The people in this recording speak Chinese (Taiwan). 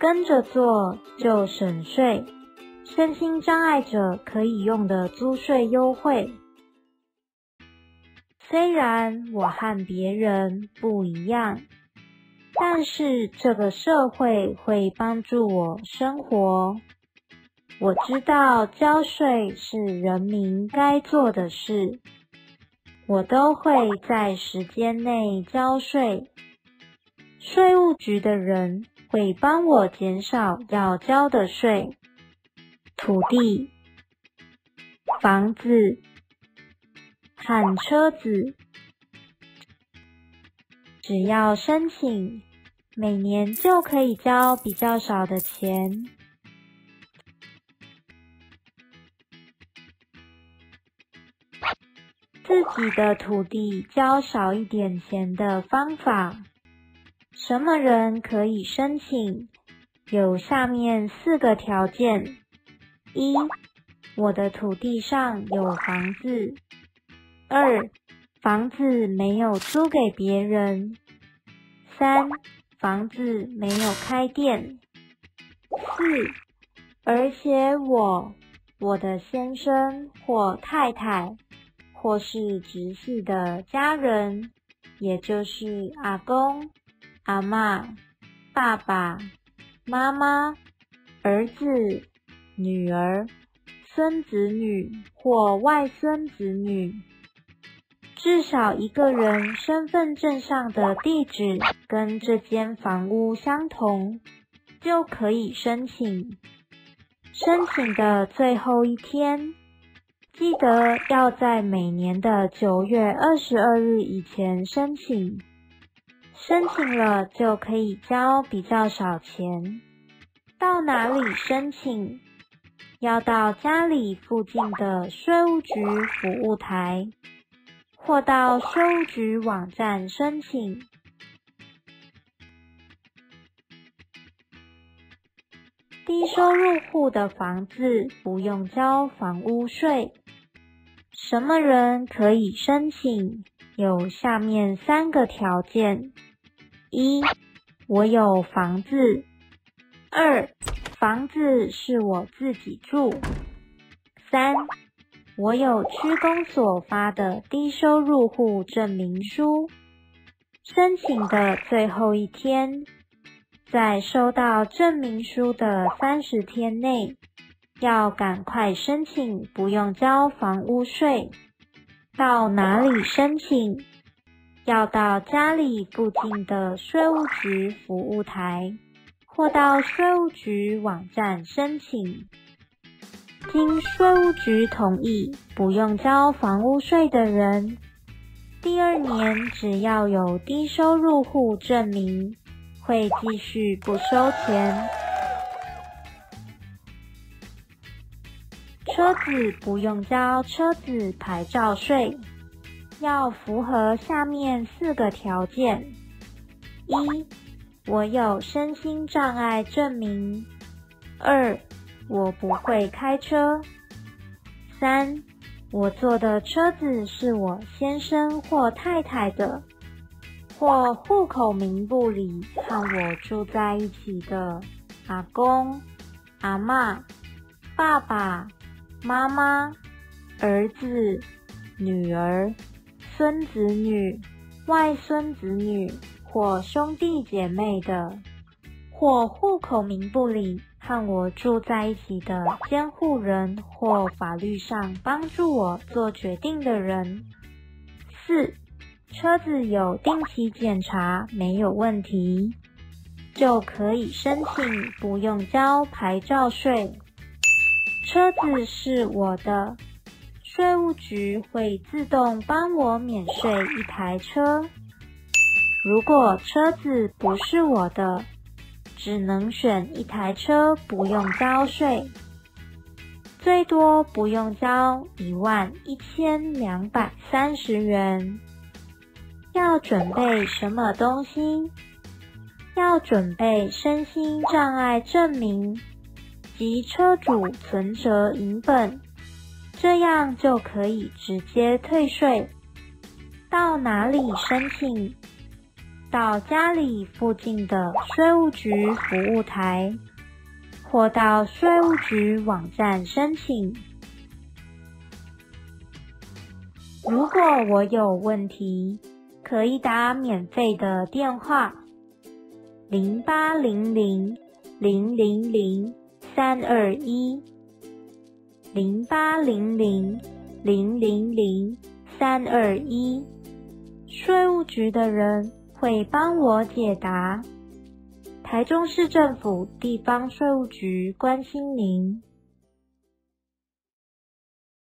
跟着做就省稅，身心障礙者可以用的租稅優惠。雖然我和別人不一樣，但是這個社會會幫助我生活。我知道交稅是人民該做的事，我都會在時間內交稅。稅務局的人。會幫我減少要交的稅，土地、房子、和車子。只要申請，每年就可以交比較少的錢。自己的土地交少一點錢的方法。什麼人可以申請？有下面四個條件：一，我的土地上有房子；二，房子沒有租給別人；三，房子沒有開店；四，而且我、我的先生或太太，或是直系的家人，也就是阿公。阿嬤、爸爸、媽媽、兒子、女兒、孫子女或外孫子女，至少一個人身份證上的地址跟這間房屋相同，就可以申請。申請的最後一天，記得要在每年的九月二十二日以前申請。申請了就可以交比較少錢。到哪裡申請？要到家裡附近的稅務局服務台，或到稅務局網站申請。低收入戶的房子不用交房屋稅。什麼人可以申請？有下面三個條件：一，我有房子；二，房子是我自己住；三，我有區公所發的低收入戶證明書。申請的最後一天，在收到證明書的三十天內，要趕快申請，不用交房屋稅。到哪裡申請？要到家裡附近的稅務局服務台，或到稅務局網站申請。經稅務局同意，不用交房屋稅的人，第二年只要有低收入戶證明，會繼續不收錢。車子不用交車子牌照稅，要符合下面四個條件：一，我有身心障礙證明；二，我不會開車；三，我坐的車子是我先生或太太的，或戶口名簿裡和我住在一起的阿公、阿嬤、爸爸。媽媽、兒子、女兒、孫子女、外孫子女或兄弟姐妹的，或戶口名簿裡和我住在一起的監護人或法律上幫助我做決定的人。四、車子有定期檢查，沒有問題，就可以申請，不用交牌照稅。車子是我的，稅務局會自動幫我免稅一台車。如果車子不是我的，只能選一台車不用交稅，最多不用交一萬一千兩百三十元。要準備什麼東西？要準備身心障礙證明。及車主存折、影本，這樣就可以直接退稅。到哪裡申請？到家裡附近的稅務局服務台，或到稅務局網站申請。如果我有問題，可以打免費的電話，零八零零零零零。0800 000三二一零八零零零零零三二一，稅務局的人會幫我解答。台中市政府地方稅務局關心您。